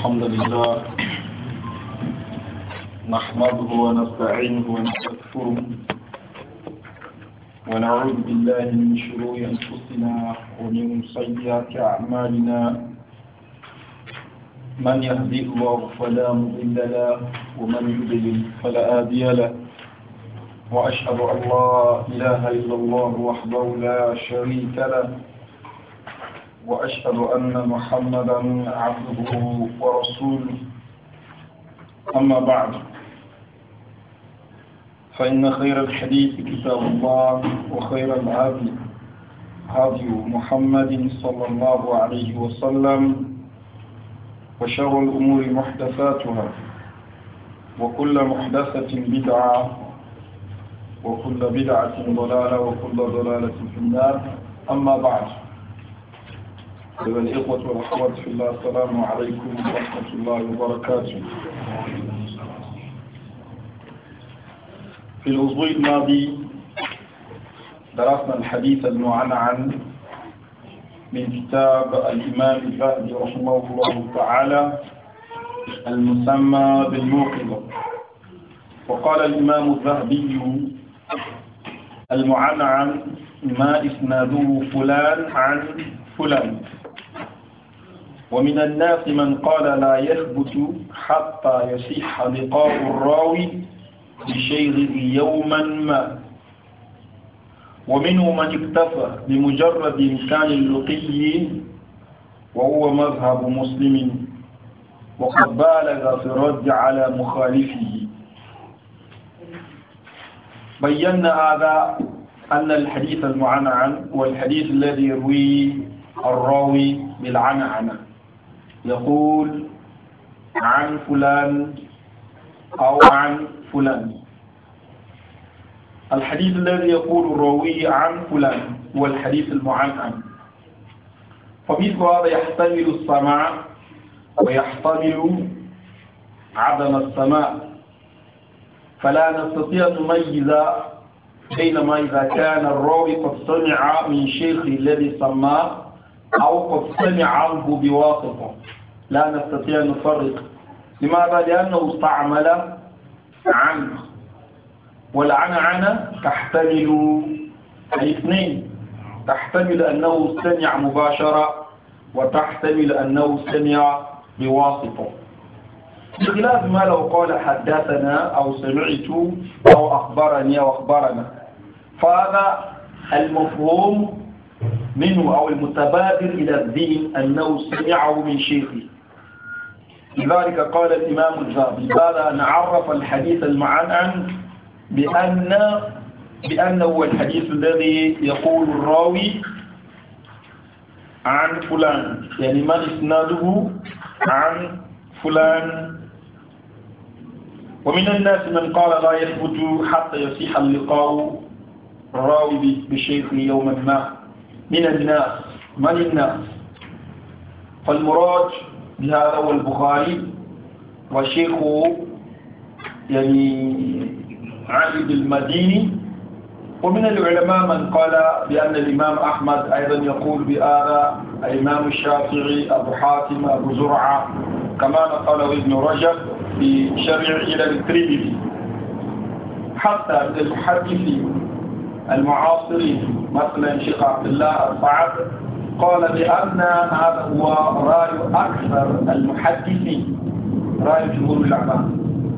الحمد لله نحمده ونستعينه ونستغفره ونعوذ بالله من شرور انفسنا ومن سيئات اعمالنا من يهدي الله فلا مضل له ومن يضلل فلا هادي له واشهد ان لا اله الا الله وحده لا شريك له وأشهد أن محمدا عبده ورسوله أما بعد فإن خير الحديث كتاب الله وخير الهدي هادي محمد صلى الله عليه وسلم وشر الأمور محدثاتها وكل محدثة بدعة وكل بدعة ضلالة وكل ضلالة في النار أما بعد أيها الإخوة والأخوات في الله السلام عليكم ورحمة الله وبركاته في الأسبوع الماضي درسنا الحديث المعنعن من كتاب الإمام الفهدي رحمه الله تعالى المسمى بالموقظة وقال الإمام الذهبي المعنعن ما إسناده فلان عن فلان ومن الناس من قال لا يثبت حتى يصح لقاء الراوي بشيخه يوما ما ومنهم من اكتفى بمجرد إمكان اللقي وهو مذهب مسلم وقد بالغ في الرد على مخالفه بينا هذا أن الحديث المعنعن والحديث الذي يرويه الراوي بالعنعنه يقول عن فلان أو عن فلان الحديث الذي يقول الروي عن فلان هو الحديث المعان فمثل هذا يحتمل السماع ويحتمل عدم السماع فلا نستطيع أن نميز بينما إذا كان الراوي قد سمع من شيخه الذي سماه أو قد سمع عنه بواسطة لا نستطيع أن نفرق لماذا؟ لأنه استعمل عن والعنعنة تحتمل الاثنين تحتمل أنه سمع مباشرة وتحتمل أنه سمع بواسطة بخلاف ما لو قال حدثنا أو سمعت أو أخبرني أو أخبرنا فهذا المفهوم منه أو المتبادر إلى الدين أنه سمعه من شيخه لذلك قال الإمام الذهبي بعد أن عرف الحديث المعنى بأن بأنه هو الحديث الذي يقول الراوي عن فلان يعني ما إسناده عن فلان ومن الناس من قال لا يثبت حتى يصيح اللقاء الراوي بشيخه يوما ما من الناس من الناس فالمراج بهذا هو البخاري وشيخه يعني عبد المديني ومن العلماء من قال بأن الإمام أحمد أيضا يقول بهذا الإمام الشافعي أبو حاتم أبو زرعة كما نقله ابن رجب في شرع إلى الترمذي حتى المحدثين المعاصرين مثلا شيخ عبد الله الصعب قال بأن هذا هو رأي أكثر المحدثين رأي جمهور العلماء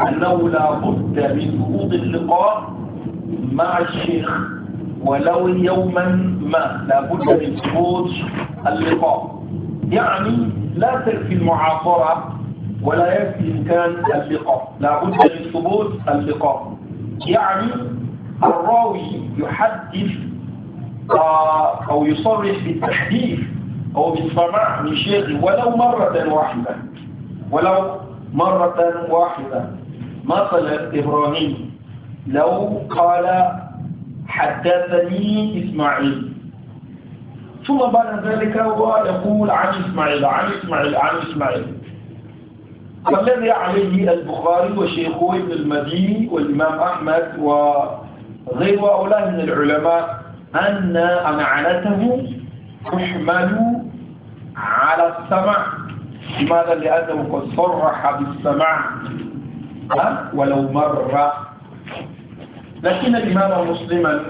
أنه لا بد من سقوط اللقاء مع الشيخ ولو يوما ما لا بد من سقوط اللقاء يعني لا تكفي المعاصرة ولا يكفي إمكان اللقاء لا بد من ثبوت اللقاء يعني الراوي يحدث آه، أو يصرح بالتحديث أو بالسماع من شيخه ولو مرة واحدة ولو مرة واحدة مثلا إبراهيم لو قال حدثني إسماعيل ثم بعد ذلك هو يقول عن إسماعيل عن إسماعيل عن إسماعيل والذي عليه البخاري وشيخه ابن المديني والإمام أحمد و غير هؤلاء من العلماء أن أمعنته تحمل على السمع لماذا؟ لأنه قد صرح بالسمع ولو مرة لكن الإمام مسلما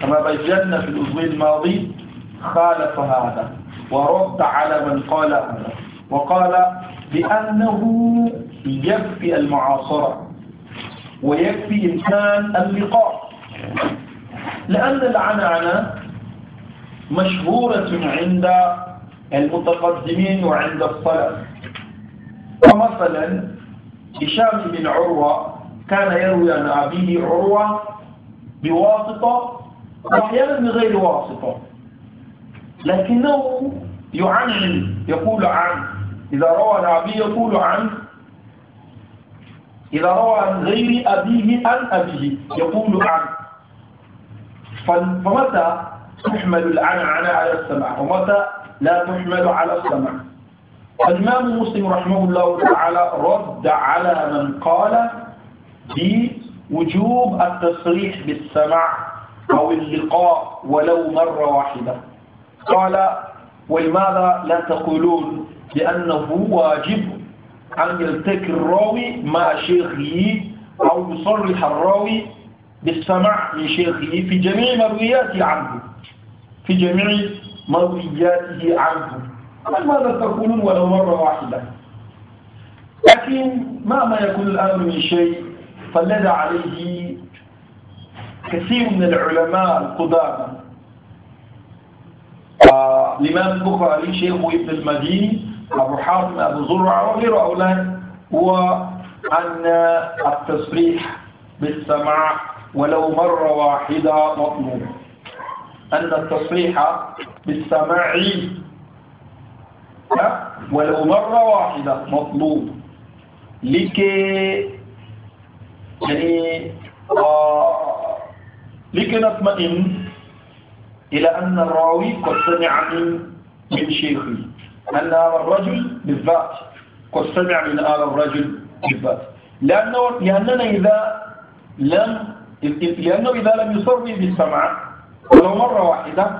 كما بينا في الأسبوع الماضي خالف هذا ورد على من قال هذا وقال بأنه يكفي المعاصرة ويكفي إمكان اللقاء لأن العنعنة مشهورة عند المتقدمين وعند السلف فمثلا هشام بن عروة كان يروي عن أبيه عروة بواسطة وأحيانا بغير واسطة لكنه يعنعن يقول عن إذا روى عن أبيه يقول عن إذا روى عن غير أبيه عن أبيه يقول عن فمتى تحمل العنعنة على السمع ومتى لا تحمل على السمع الإمام مسلم رحمه الله تعالى رد على من قال بوجوب التصريح بالسمع أو اللقاء ولو مرة واحدة قال ولماذا لا تقولون بأنه واجب أن يلتقي الراوي مع شيخه أو يصرح الراوي بالسمع من شيخه في جميع مروياته عنه في جميع مروياته عنه ماذا تقولون ولو مرة واحدة لكن ما ما يكون الأمر من شيء فلدى عليه كثير من العلماء القدامى الإمام البخاري شيخ ابن المدين أبو حاتم أبو زرعة وغير أولاد هو أن التصريح بالسماع ولو مرة واحدة مطلوب أن التصريح بالسماع ولو مرة واحدة مطلوب لكي يعني آه لكي نطمئن إلى أن الراوي قد سمع من من شيخي أن هذا الرجل بالذات قد سمع من هذا الرجل بالذات لأنه لأننا إذا لم لأنه إذا لم يصري بالسمع ولو مرة واحدة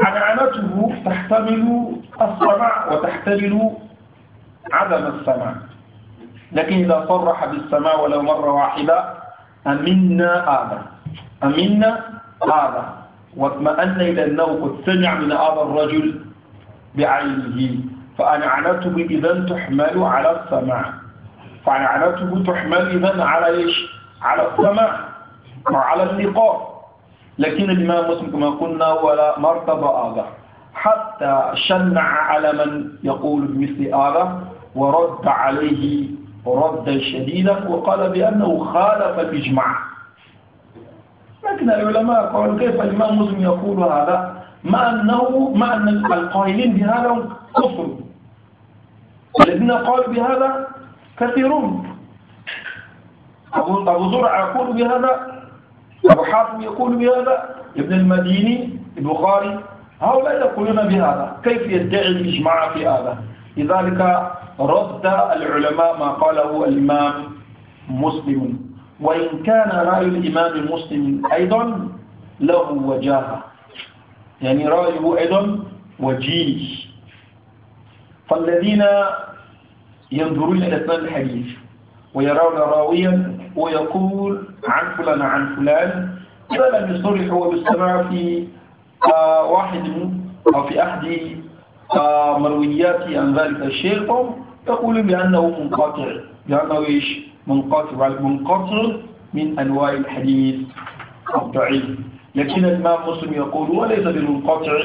فعنعنته تحتمل السمع وتحتمل عدم السمع لكن إذا صرح بالسمع ولو مرة واحدة أمنا هذا أمنا هذا واطمأن إلى أنه قد سمع من هذا الرجل بعينه فأنعنته إذا تحمل على السمع فأنعنته تحمل إذا على إيش؟ على السمع على النقاط لكن الإمام مسلم كما قلنا ولا مرتبة هذا حتى شنع على من يقول بمثل هذا ورد عليه ردا شديدا وقال بأنه خالف الإجماع لكن العلماء قالوا كيف الإمام مسلم يقول هذا مع أنه مع أن القائلين بهذا كفر الذين قالوا بهذا كثيرون أبو زرع يقول بهذا أبو حاتم يقول بهذا ابن المديني البخاري هؤلاء يقولون بهذا كيف يدعي الإجماع في هذا لذلك رد العلماء ما قاله الإمام مسلم وإن كان رأي الإمام مسلم أيضا له وجاهة يعني رأيه أيضا وجيه فالذين ينظرون إلى الحديث ويرون راويا ويقول عن فلان عن فلان إذا لم يصرح هو بالسماع في آه، واحد أو في أحد آه، مرويات عن ذلك الشيخ يقول بأنه منقطع بأنه إيش منقطع المنقطع من أنواع الحديث الضعيف لكن الإمام مسلم يقول وليس بالمنقطع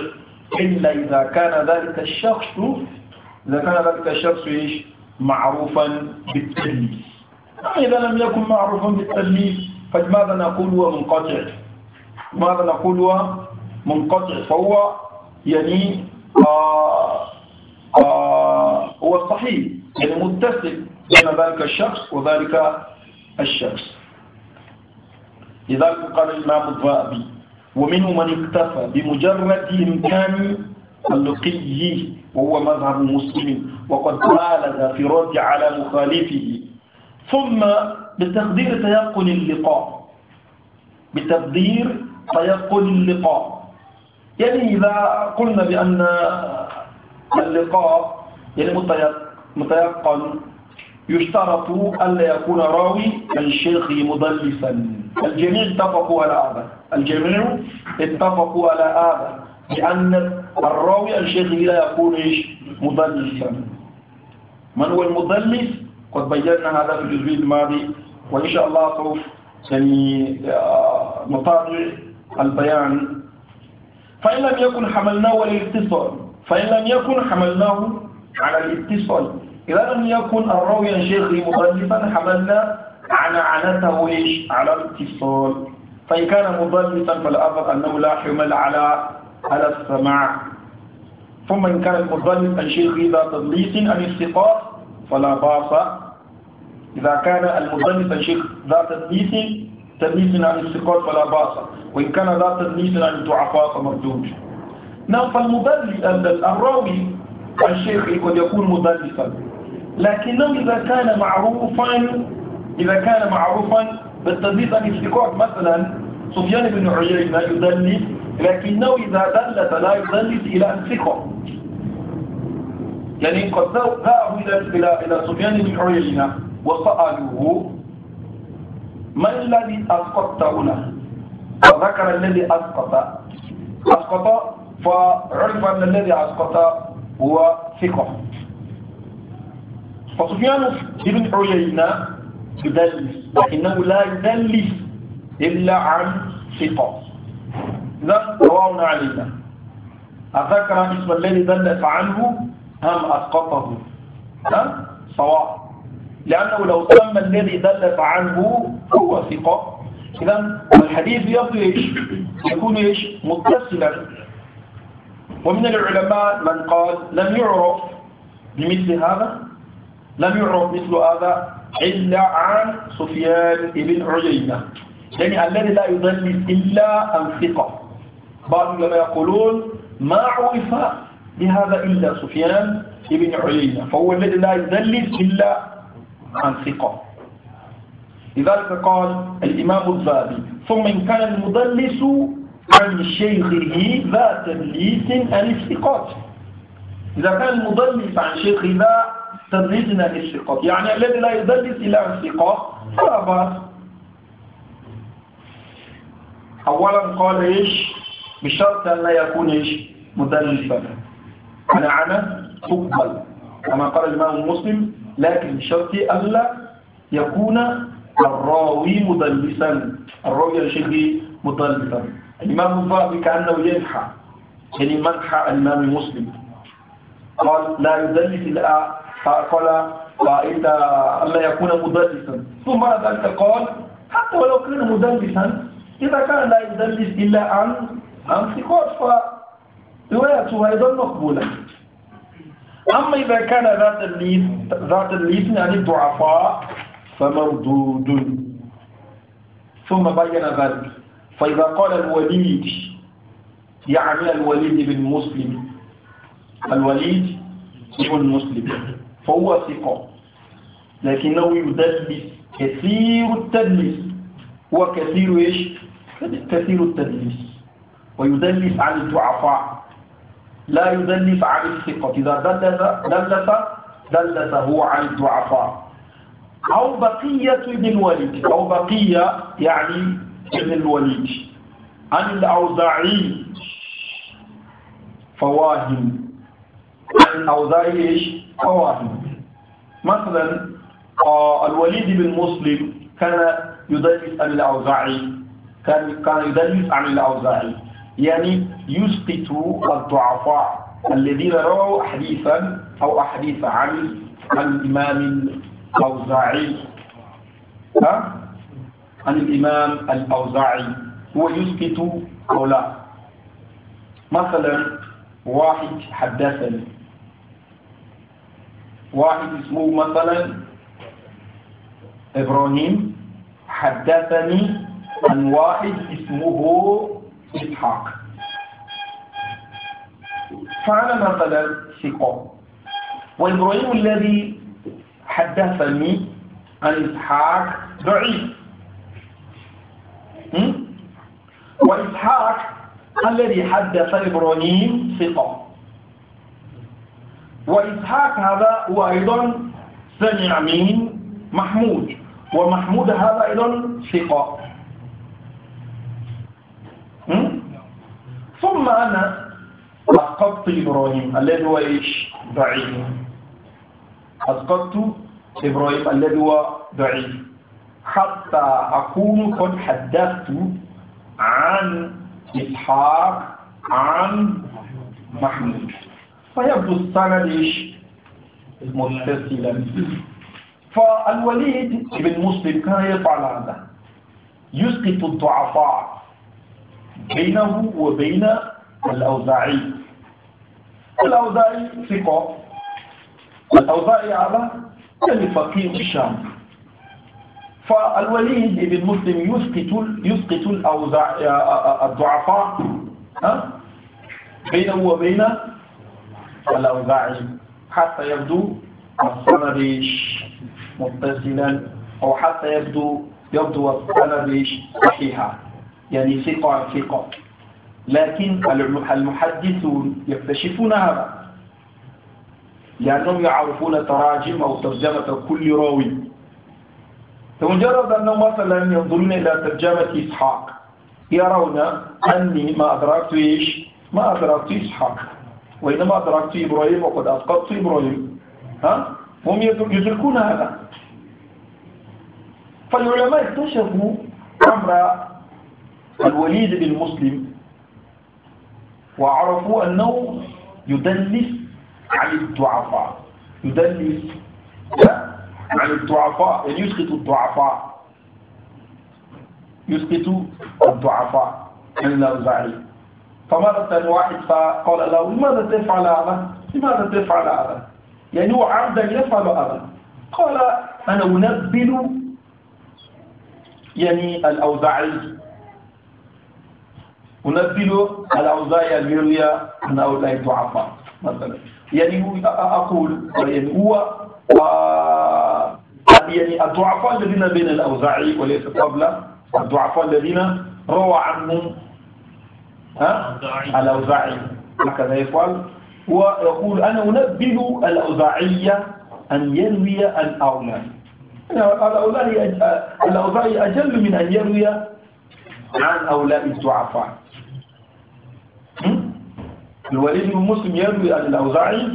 إلا إذا كان ذلك الشخص إذا كان ذلك الشخص إيش معروفا بالتلميذ فإذا لم يكن معروفا بالتلميذ فماذا نقول هو منقطع ماذا نقول هو منقطع فهو يعني آه آه هو الصحيح يعني متصل بين ذلك الشخص وذلك الشخص لذلك قال الإمام الذهبي ومنهم من اكتفى بمجرد إمكان اللقي وهو مذهب مسلم وقد قال في رد على مخالفه ثم بتقدير تيقن اللقاء بتقدير تيقن اللقاء يعني إذا قلنا بأن اللقاء يعني متيقن يشترط ألا يكون راوي الشيخ مدلسا الجميع اتفقوا على هذا الجميع اتفقوا على هذا لأن الراوي الشيخ لا يكون مدلسا من هو المدلس قد بينا هذا في الجزء الماضي وإن شاء الله سوف يعني آه، نطالع البيان فإن لم يكن حملناه على الاتصال فإن لم يكن حملناه على الاتصال إذا لم يكن الراوي عن شيخه مضلفا حملنا على عنته إيش على الاتصال فإن كان مضلفا فالأفضل أنه لا حمل على على السماع ثم إن كان المضلف شيخي ذا تضليس عن استقاط فلا باس إذا كان المصنف الشيخ ذا تدليس تدليس عن الثقات فلا باس وإن كان ذا تدليس عن الضعفاء فمردود نعم فالمدلس الراوي الشيخ قد يكون مدلسا لكنه إذا كان معروفا إذا كان معروفا بالتدليس عن الثقات مثلا سفيان بن عيينة يدلس لكنه إذا دلس لا يدلس إلى الثقة يعني قد ذهب إلى إلى سفيان بن عيينة وسألوه ما الذي أسقطت هنا فذكر الذي أسقط أسقط فعرف أن الذي أسقط هو ثقة فسفيان بن عيينة يدلس لكنه لا يدلس إلا عن ثقة إذا رواه علينا أذكر اسم الذي دلس عنه أم أسقطه ها سواء لأنه لو سمى الذي دلت عنه هو ثقة إذا الحديث يبدو إيش يكون إيش متصلا ومن العلماء من قال لم يعرف بمثل هذا لم يعرف مثل هذا إلا عن سفيان بن عيينة يعني الذي لا يدلس إلا عن ثقة بعض العلماء يقولون ما عرف بهذا إلا سفيان بن عيينة فهو الذي لا يدلس إلا عن ثقة لذلك قال الإمام الذهبي ثم إن كان المدلس عن شيخه ذا تدليس عن الثقات إذا كان المدلس عن شيخه ذا تدليس عن الثقات يعني الذي لا يدلس إلا عن ثقة فلا بأس أولا قال إيش بشرط أن لا يكون إيش مدلسا أنا أنا تقبل كما قال الإمام مسلم لكن شرطي ألا يكون الراوي مدلسا الراوي الشيخي مدلسا الإمام الضعبي كأنه ينحى يعني منحى الإمام مسلم قال لا يدلس قال فإذا ألا يكون مدلسا ثم بعد ذلك قال حتى ولو كان مدلسا إذا كان لا يدلس إلا عن عن ثقات فروايته أيضا مقبولة أما إذا كان ذات الليث ذات الليث يعني الضعفاء فمردود ثم بين ذلك فإذا قال الوليد يعني الوليد بن مسلم الوليد بن مسلم فهو ثقة لكنه يدلس كثير التدليس هو كثير ايش؟ كثير التدليس ويدلس عن الضعفاء لا يدلف عن الثقة إذا دلف دلف هو عن الضعفاء أو بقية ابن الوليد أو بقية يعني ابن الوليد عن الأوزاعي فواهم عن الأوزاعي إيش؟ فواهم مثلا آه، الوليد بن مسلم كان يدلس عن الأوزاعي كان كان يدلس عن الأوزاعي يعني يسقط الضعفاء الذين رووا حديثا أو أحاديث عن الإمام الأوزاعي ها؟ عن الإمام الأوزاعي هو يسقط أو لا مثلا واحد حدثني واحد اسمه مثلا إبراهيم حدثني عن واحد اسمه إسحاق ما مثلا ثقة وإبراهيم الذي حدثني عن إسحاق ضعيف وإسحاق الذي حدث إبراهيم ثقة وإسحاق هذا هو أيضا سمع من محمود ومحمود هذا أيضا ثقة ثم أنا أسقطت إبراهيم الذي هو إيش بعيد أسقطت إبراهيم الذي هو بعيد حتى أكون قد حدثت عن إسحاق عن محمود فيبدو السند إيش متصلا فالوليد بن مسلم كان يفعل هذا يسقط الضعفاء بينه وبين الأوزاعي الأوزاعي ثقة الأوزاعي على الفقيه الشام فالوليد بن مسلم يسقط يسقط الضعفاء بينه وبين الأوزاعي حتى يبدو الصنبيش متصلا أو حتى يبدو يبدو الصنبيش صحيحا يعني ثقة ثقة لكن المحدثون يكتشفون هذا لأنهم يعرفون تراجم أو ترجمة كل راوي فمجرد أنهم مثلا ينظرون إلى ترجمة إسحاق يرون أني ما أدركت إيش ما أدركت إسحاق وإنما أدركت إبراهيم وقد أسقطت إبراهيم ها هم يدركون هذا فالعلماء اكتشفوا أمر الوليد بن مسلم وعرفوا أنه يدلس عن الضعفاء يدلس عن الضعفاء يعني يسقط الضعفاء يسقط الضعفاء من الأوزاعي فمرة واحد فقال له لماذا تفعل هذا؟ لماذا تفعل هذا؟ يعني هو عمدا يفعل هذا قال أنا أنبل يعني الأوزاعي انزل على عزايا اليريا أن هؤلاء ضعفاء مثلا يعني هو أقول يعني هو آه، يعني الضعفاء الذين بين الأوزاعي وليس قبله الضعفاء الذين روى عنهم ها الأوزاعي هكذا يفعل ويقول أنا أنبه الاوزاعي أن يروي الأولى يعني الأوزاعي أجل من أن يروي عن هؤلاء الضعفاء الوليد بن مسلم يروي عن الأوزاعي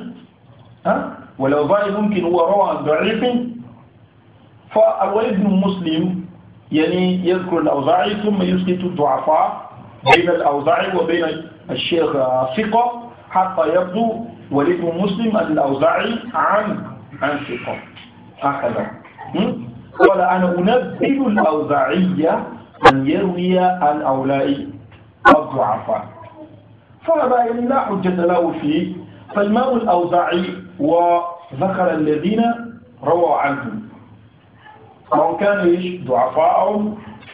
ها والأوزاعي ممكن هو روى عن ضعيف فالوليد بن مسلم يعني يذكر الأوزاعي ثم يسكت الضعفاء بين الأوزاعي وبين الشيخ ثقة حتى يبدو وليد بن مسلم عن الأوزاعي عن عن ثقة هكذا قال أنا أنبه الأوزاعية أن يروي عن أولئك الضعفاء فهذا يعني لا حجة له فيه فالمام الأوزاعي وذكر الذين روى عنهم أو كانوا ايش ضعفاء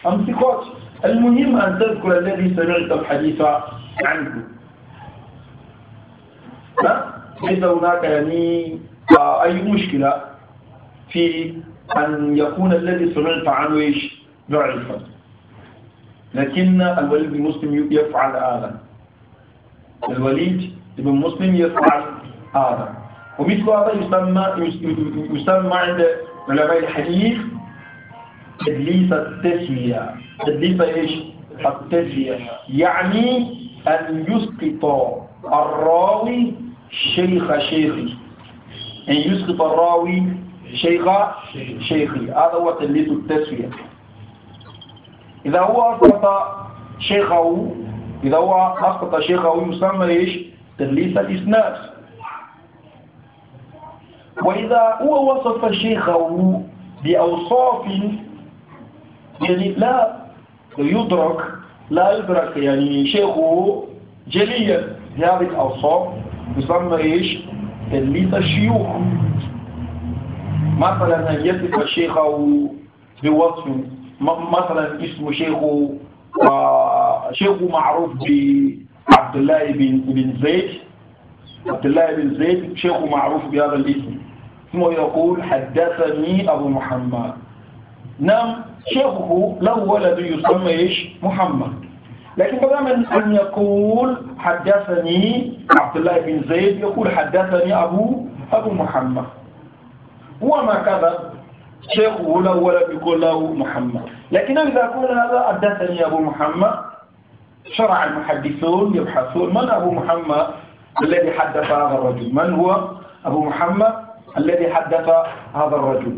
أم ثقات المهم أن تذكر الذي سمعت الحديث عنه ليس هناك يعني آه، أي مشكلة في أن يكون الذي سمعت عنه إيش ضعيفا لكن الوليد المسلم يفعل هذا الوليد بن مسلم يفعل هذا ومثل هذا يسمى يسمى عند علماء الحديث تدليس التسوية تدليس ايش؟ التسوية يعني أن يسقط الراوي شيخ شيخي أن يسقط الراوي شيخ شيخي هذا هو تدليس التسوية إذا هو أسقط شيخه إذا هو أسقط شيخه يسمى إيش تدليس الإسناد وإذا هو وصف شيخه بأوصاف يعني لا يدرك لا يدرك يعني شيخه جليا هذه الأوصاف يسمى إيش تدليس الشيوخ مثلا أن يصف شيخه بوصف مثلا اسم شيخه آه، شيخ معروف بعبد الله بن بن زيد عبد الله بن زيد شيخ معروف بهذا الاسم ثم يقول حدثني أبو محمد نعم شيخه له ولد يسمى ايش محمد لكن بدلا أن يقول حدثني عبد الله بن زيد يقول حدثني أبو أبو محمد وما كذا شيخه له ولد يقول له محمد لكن إذا قال هذا حدثني أبو محمد شرع المحدثون يبحثون من أبو محمد الذي حدث هذا الرجل من هو أبو محمد الذي حدث هذا الرجل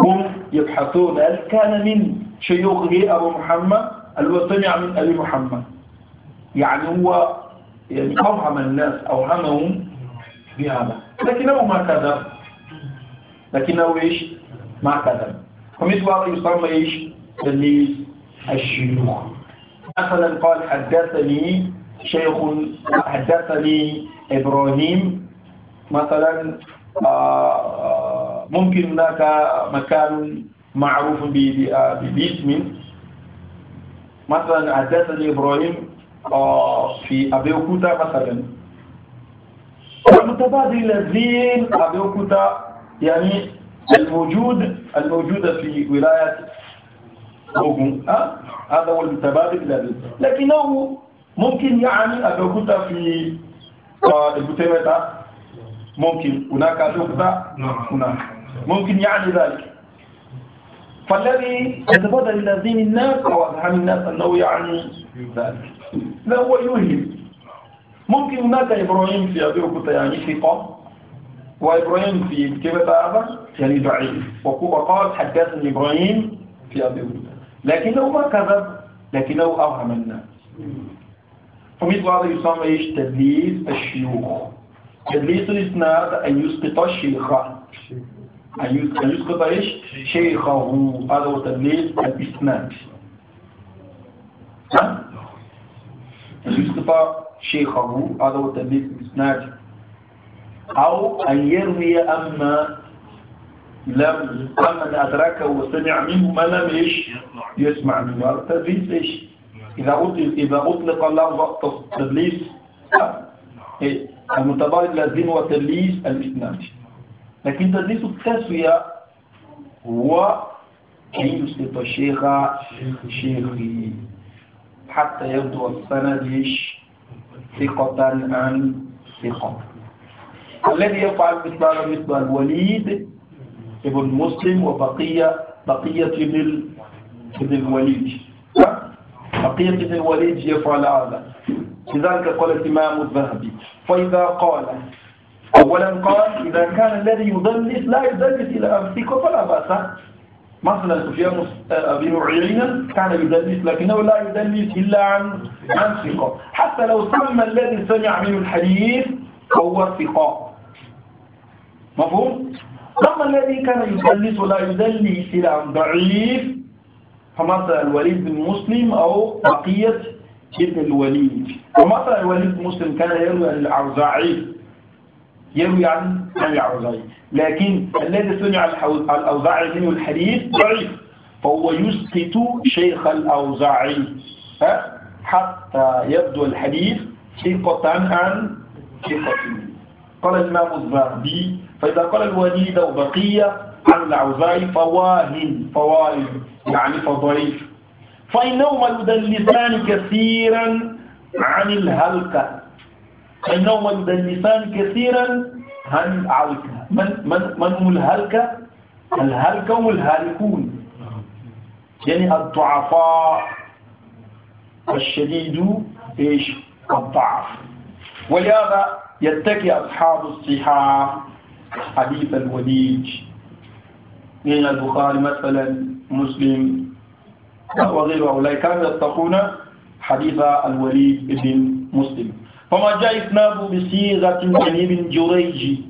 هم يبحثون هل كان من شيوخه أبو محمد هو سمع من أبي محمد يعني هو يعني أوهم الناس أوهمهم بهذا لكنه ما كذب لكنه إيش ما كذب فمثل هذا يسمى إيش تلميذ الشيوخ مثلا قال حدثني شيخ حدثني إبراهيم مثلا آه، آه، ممكن هناك مكان معروف آه، باسم مثلا حدثني إبراهيم في ابي اوكوتا مثلا المتبادل الذين اوكوتا يعني الموجود الموجودة في ولاية هذا هو المتبادل الذي لكنه ممكن يعني أن في الكتابة ممكن هناك شغلة هناك ممكن يعني ذلك فالذي يتبادل إلى ذهن الناس أو أذهان الناس أنه يعني ذلك لا هو يوهم ممكن هناك إبراهيم في أبي يعني ثقة وإبراهيم في كتابة هذا يعني ضعيف وقال حدثني إبراهيم في أبي لكنه ما كذب لكنه أوهم الناس ومثل بعض يسمى إيش تدليس الشيوخ تدليس الإسناد أن يسقط الشيخ أن يسقط إيش شيخه هذا هو تدليس الإسناد ها؟ أن يسقط شيخه هذا هو تدليس الإسناد أو أن يروي أما لم من أدركه وسمع منه ما لم إيش يسمع منه التدليس إيش إذا أطلق, إذا أطلق اللفظ التدليس آه. إيه؟ المتبادل لازم هو تدليس الإثنان لكن تدليس التسوية هو أن يسقط الشيخ شيخي حتى يبدو السند إيش ثقة عن ثقة الذي يفعل مثل مثل الوليد ابن مسلم وبقية بقية ابن ابن الوليد بقية ابن الوليد يفعل هذا لذلك قال الإمام الذهبي فإذا قال أولا قال إذا كان الذي يدلس لا يدلس إلى أنفسك فلا بأس مثلا سفيان آه، أبي عيينة كان يدلس لكنه لا يدلس إلا عن عن ثقة حتى لو سمى الذي سمع منه الحديث فهو ثقة مفهوم؟ أما الذي كان يدلس ولا يدلس إلى ضعيف فمثل الوليد بن مسلم أو بقية ابن الوليد فمثل الوليد بن مسلم كان يروي عن الأوزاعي يروي عن الأوزاعي لكن الذي سمع الأوزاعي منه الحديث ضعيف فهو يسقط شيخ الأوزاعي حتى يبدو الحديث ثقة عن ثقة قال الإمام الذهبي فإذا قال الوليد وبقية عن الأوزاعي فواهن فواهن يعني فضعيف فإنهما يدلسان كثيرا عن الهلكة فإنهما يدلسان كثيرا عن الهلكة من من من هم الهلكة؟ الهلكة هم الهالكون يعني الضعفاء الشديد ايش؟ الضعف ولهذا يتكي أصحاب الصحاح حديث الوليج من البخاري مثلا مسلم وغير أولئك كانوا يتقون حديث الوليد بن مسلم فما جاء إسناده بصيغة عن ابن جريج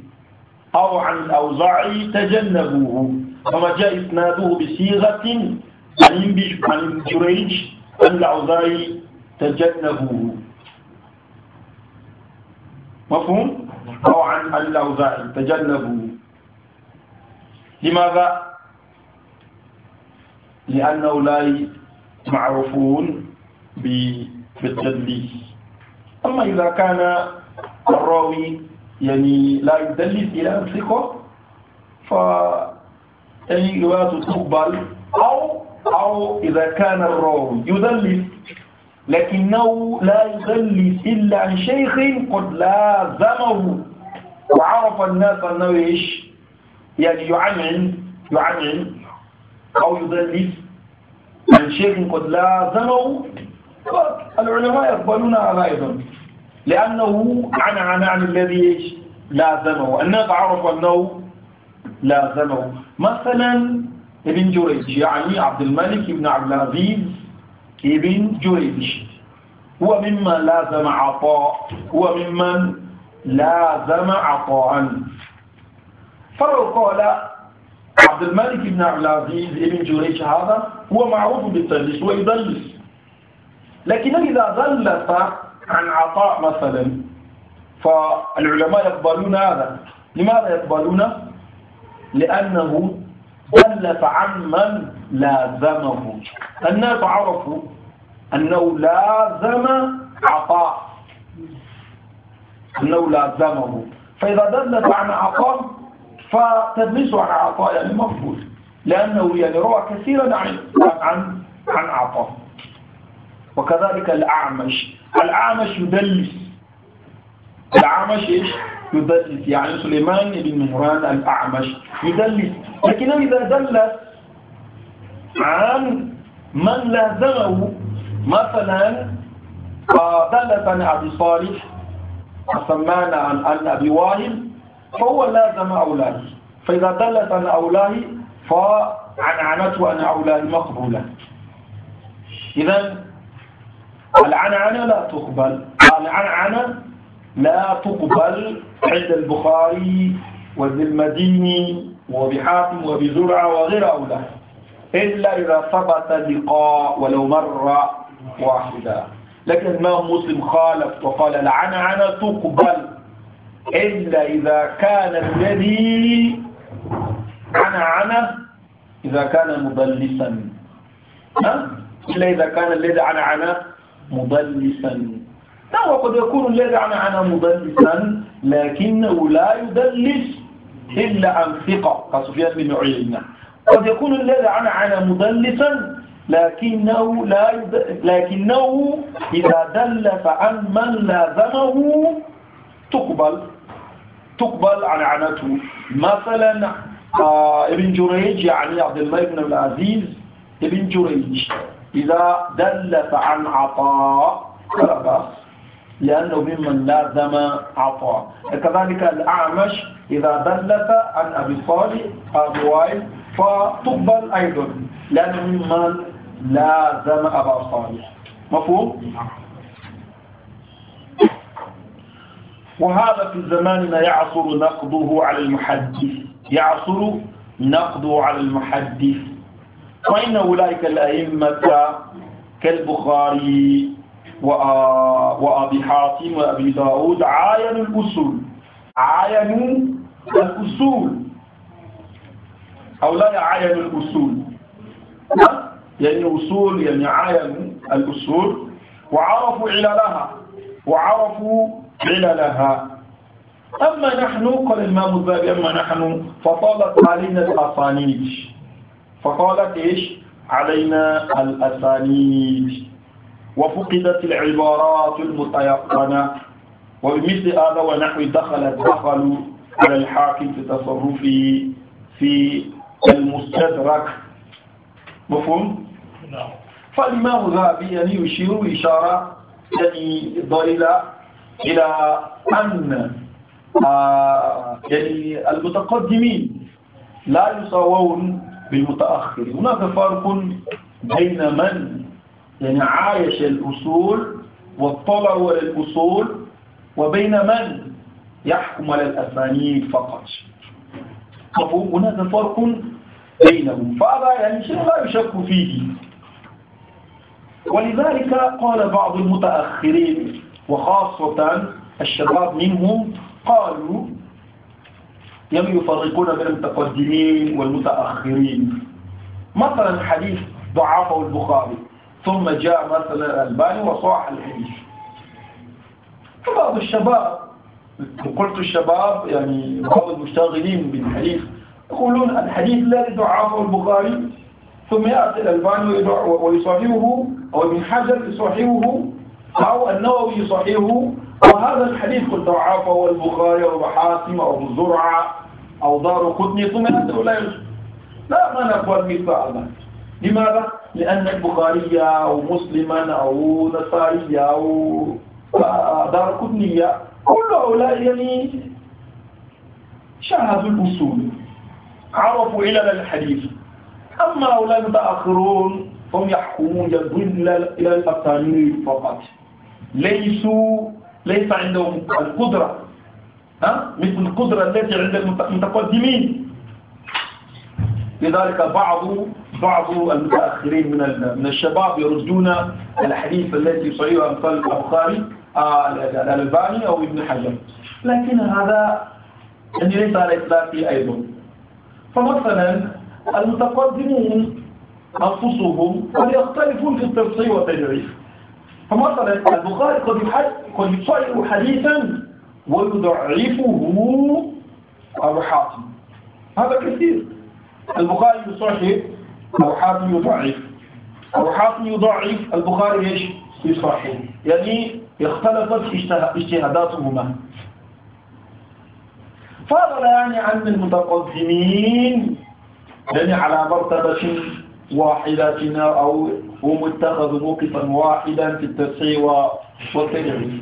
أو عن الأوزاعي تجنبوه فما جاء إسناده بصيغة عن ابن جريج عن الأوزاعي تجنبوه مفهوم؟ أو عن الأوزاعي تجنبوا لماذا؟ لأنه لا معروفون بالتدليس أما إذا كان الراوي يعني لا يدلس إلى الثقة ف رواية تقبل أو أو إذا كان الراوي يدلس لكنه لا يدلس إلا عن شيخ قد لازمه وعرف الناس أنه إيش يعني يعمل يعمل أو يدلس عن شيخ قد لازمه العلماء يقبلون هذا أيضا لأنه عن عن عن الذي إيش لازمه الناس عرفوا أنه لازمه مثلا ابن جريج يعني عبد الملك بن عبد العزيز ابن جريج هو ممن لازم عطاء هو ممن لازم عطاء فلو قال عبد الملك بن عبد العزيز ابن جريج هذا هو معروف بالتدليس ويدلس لكن إذا دلس عن عطاء مثلا فالعلماء يقبلون هذا لماذا يقبلون؟ لأنه دلت عن من لازمه الناس عرفوا أنه لازم عطاء أنه لازمه فإذا دلت عن عطاء فتدلس عن عطاء يعني مفهول لأنه يعني روى كثيرا عن عن عن عطاء وكذلك الأعمش الأعمش يدلس الأعمش إيش؟ يدلس يعني سليمان بن مهران الأعمش يدلس لكن إذا دلس عن من لازمه مثلا آه، دلس عن أبي صالح وسمعنا عن أبي وائل فهو لازم أولاه فإذا دلت عن أولاه فعنعنته أن أولاه مقبولة إذا العنعنة لا تقبل العنعنة لا تقبل عند البخاري والمديني وبحاتم وبزرعة وغير أولا إلا إذا ثبت لقاء ولو مرة واحدة لكن الإمام مسلم خالف وقال لعن عن تقبل إلا إذا كان الذي عن عن إذا كان مدلسا إلا إذا كان الذي عن عن مدلسا لا وقد يكون الذي عنا مدلسا لكنه لا يدلس إلا عن ثقة كسفيان بن عيينة قد يكون الذي عنا مدلسا لكنه لا يد... لكنه إذا دلس عن من لازمه تقبل تقبل عن عنته مثلا آه، ابن جريج يعني عبد الله بن العزيز ابن جريج إذا دلس عن عطاء فلا بأس لأنه ممن لازم عطاء كذلك الأعمش إذا دلت عن أبي صالح أبي وائل فتقبل أيضا لأنه ممن لازم أبا صالح مفهوم؟ وهذا في زماننا يعصر نقضه على المحدث يعصر نقضه على المحدث فإن أولئك الأئمة كالبخاري وأبي حاتم وأبي داود عاينوا الأصول عاينوا الأصول أو لا يعاينوا الأصول يعني أصول يعني عاينوا الأصول وعرفوا عللها وعرفوا عللها أما نحن قال الإمام الذهبي أما نحن فطالت علينا الأسانيد فقالت إيش علينا الأسانيد وفقدت العبارات المتيقنة وبمثل هذا ونحو دخلت دخلوا على الحاكم في تصرفه في المستدرك مفهوم؟ نعم فالإمام الذهبي يعني يشير إشارة يعني ضئيلة إلى أن آه، يعني المتقدمين لا يساوون بالمتأخر هناك فرق بين من يعني عايش الأصول واطلع على الأصول وبين من يحكم على الأسانيد فقط مفهوم هناك فرق بينهم فهذا يعني شيء لا يشك فيه ولذلك قال بعض المتأخرين وخاصة الشباب منهم قالوا لم يفرقون بين المتقدمين والمتأخرين مثلا حديث ضعفه البخاري ثم جاء مثلا الألباني وصاح الحديث فبعض الشباب وقلت الشباب يعني بعض المشتغلين بالحديث يقولون الحديث الذي ضعفه البخاري ثم يأتي الألباني ويصحبه أو ابن حجر يصحبه أو النووي يصحبه وهذا الحديث قد ضعفه البخاري أو حاتم أو زرعة أو دار قطني ثم يأتي لا لا ما نقول مثل هذا لماذا؟ لأن البخارية أو مسلما أو نصارية أو دار كتنية كل هؤلاء يعني شاهدوا الأصول عرفوا علل الحديث أما هؤلاء المتأخرون هم يحكمون يدون إلى الأبطالين فقط ليسوا ليس عندهم القدرة ها مثل القدرة التي عند المتقدمين لذلك بعض بعض المتأخرين من من الشباب يردون الحديث التي يصحيحها مثل البخاري آه، الألباني أو ابن حجر لكن هذا يعني ليس على إطلاقه أيضا فمثلا المتقدمون أنفسهم قد يختلفون في التفصيل والتجريف فمثلا البخاري قد قد يصحح حديثا ويضعفه أبو حاتم هذا كثير البخاري يصحح أو حاف يضعف أو حاف يضعف البخاري ايش يصحح يعني اختلفت اجتهاداتهما فهذا لا يعني عن المتقدمين يعني على مرتبة واحدة أو هم اتخذوا موقفا واحدا في التسعي والتجريف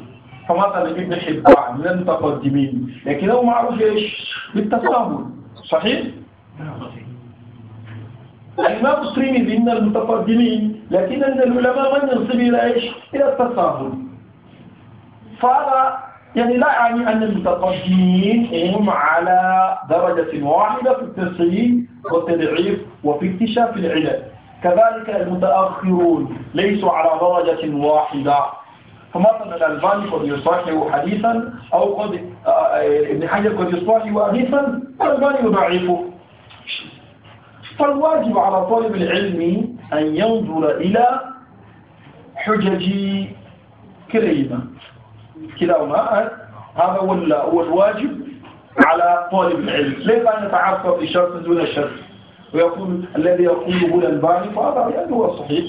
فمثلا ابن حبان من المتقدمين لكنه معروف ايش؟ بالتفاهم صحيح؟ نعم، الإمام السريمي من المتقدمين لكن أن العلماء من ينصب إلى إيش؟ إلى التساهل فهذا يعني لا يعني أن المتقدمين هم على درجة واحدة في التصحيح والتضعيف وفي اكتشاف العلل كذلك المتأخرون ليسوا على درجة واحدة فمثلا الألباني قد يصحح حديثا أو قد آه، آه، ابن حجر قد يصحح حديثا الألباني يضعفه فالواجب على طالب العلم أن ينظر إلى حجج كريمة كلاهما هذا هو الواجب على طالب العلم ليس أن يتعصب بشرط دون شرط ويقول الذي يقوله الألباني فهذا يعني هو الصحيح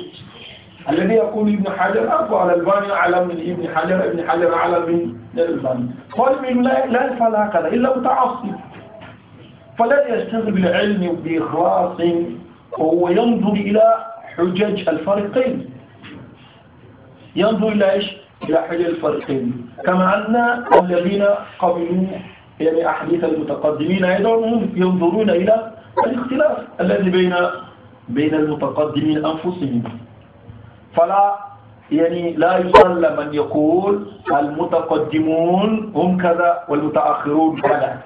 الذي يقول ابن حجر أقوى على الباني أعلم من ابن حجر ابن حجر أعلى من الباني طالب العلم لا يفعل هكذا إلا متعصب فلا يشتغل بالعلم بإخلاص وهو ينظر إلى حجج الفريقين ينظر إلى إيش؟ إلى حجج الفريقين كما أن الذين قبلوا يعني أحاديث المتقدمين أيضا هم ينظرون إلى الاختلاف الذي بين بين المتقدمين أنفسهم فلا يعني لا يصلى من يقول المتقدمون هم كذا والمتأخرون كذا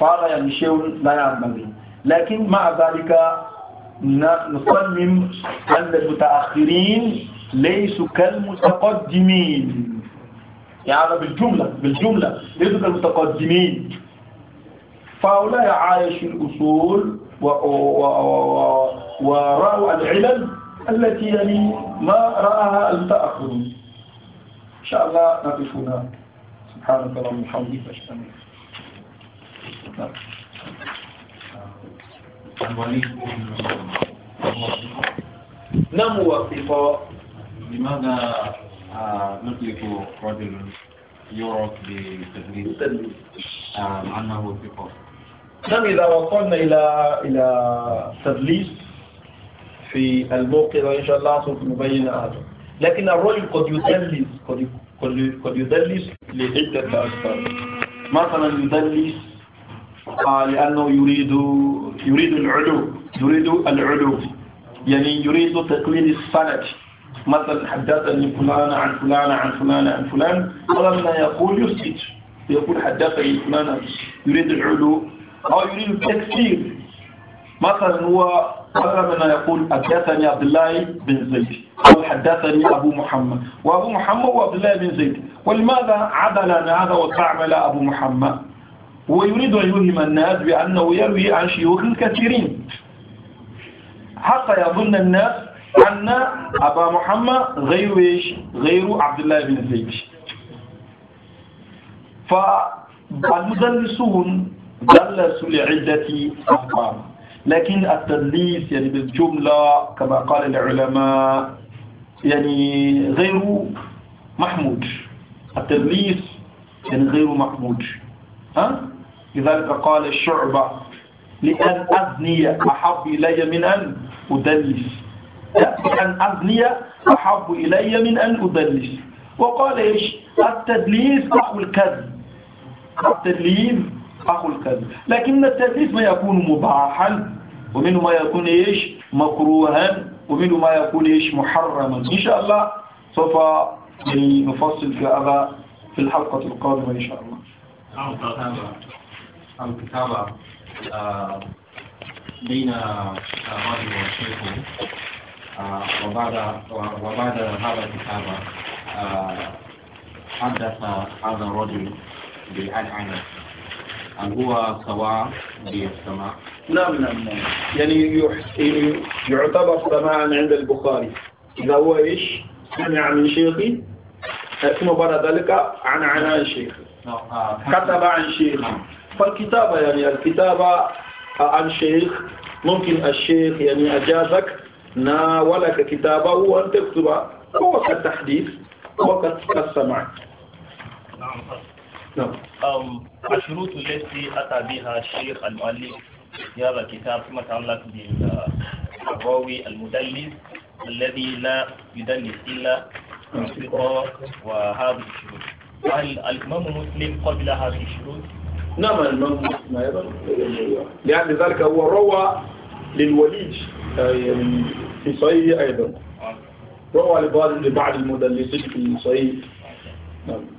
فهذا يمشيون يعني لا يعملون لكن مع ذلك نصمم أن المتأخرين ليسوا كالمتقدمين يعني بالجملة بالجملة ليسوا كالمتقدمين فهؤلاء عايشوا الأصول و... و... و... ورأوا العلل التي يعني ما رآها المتأخرون إن شاء الله نقف هنا سبحانك اللهم وبحمدك أشهد أن لا إله إلا أنت نعم هو لماذا آه، نطلق رجل يعرف بالتدليس عنه آه، الثقة نعم إذا وصلنا إلى إلى تدليس في الموقف إن شاء الله سوف نبين هذا لكن الرجل قد يدلس قد يدلس لعدة أسباب مثلا يدلس لأنه يريد يريد العلو يريد العلو يعني يريد تقليل السند مثلا حدثني فلان عن فلان عن فلان عن فلان ولما يقول يسكت يقول حدثني فلان يريد العلو أو يريد التكثير مثلا هو مثلا يقول حدثني عبد الله بن زيد أو حدثني أبو محمد وأبو محمد هو عبد الله بن زيد ولماذا عدل هذا وتعمل أبو محمد ويريد أن يوهم الناس بأنه يروي عن شيوخ كثيرين حتى يظن الناس أن أبا محمد غير إيش غير عبد الله بن زيد فالمدلسون دلسوا لعدة أخبار لكن التدليس يعني بالجملة كما قال العلماء يعني غير محمود التدليس يعني غير محمود ها لذلك قال الشعبة لأن أذني أحب إلي من أن أدلس لأن أذني أحب إلي من أن أدلس وقال إيش التدليس أخو الكذب التدليس أخو الكذب لكن التدليس ما يكون مباحا ومنه ما يكون إيش مكروها ومنه ما يكون إيش محرما إن شاء الله سوف نفصل في هذا في الحلقة القادمة إن شاء الله نعم، الكتابة آه، بين آه، رجل وشيخه آه، وبعد وبعد هذا الكتابة حدث هذا الرجل بالعنعنة هل هو سواء بالسماء؟ نعم نعم نعم يعني يعتبر سماعا عند البخاري إذا هو إيش؟ سمع من شيخي ثم بعد ذلك عن عن شيخي نعم، كتب عن شيخي نعم. فالكتابة يعني الكتابة عن شيخ ممكن الشيخ يعني أجازك ناولك كتابه وأن تكتب هو كالتحديث هو كالسمع نعم نعم الشروط التي أتى بها الشيخ المؤلف في هذا الكتاب فيما يتعلق بالراوي المدلس الذي لا يدلس إلا وهذه الشروط هل الإمام مسلم قبل هذه الشروط نعم الإمام لأن ذلك هو روى للوليد في صحيح أيضا روى لبعض المدلسين في صحيح نعم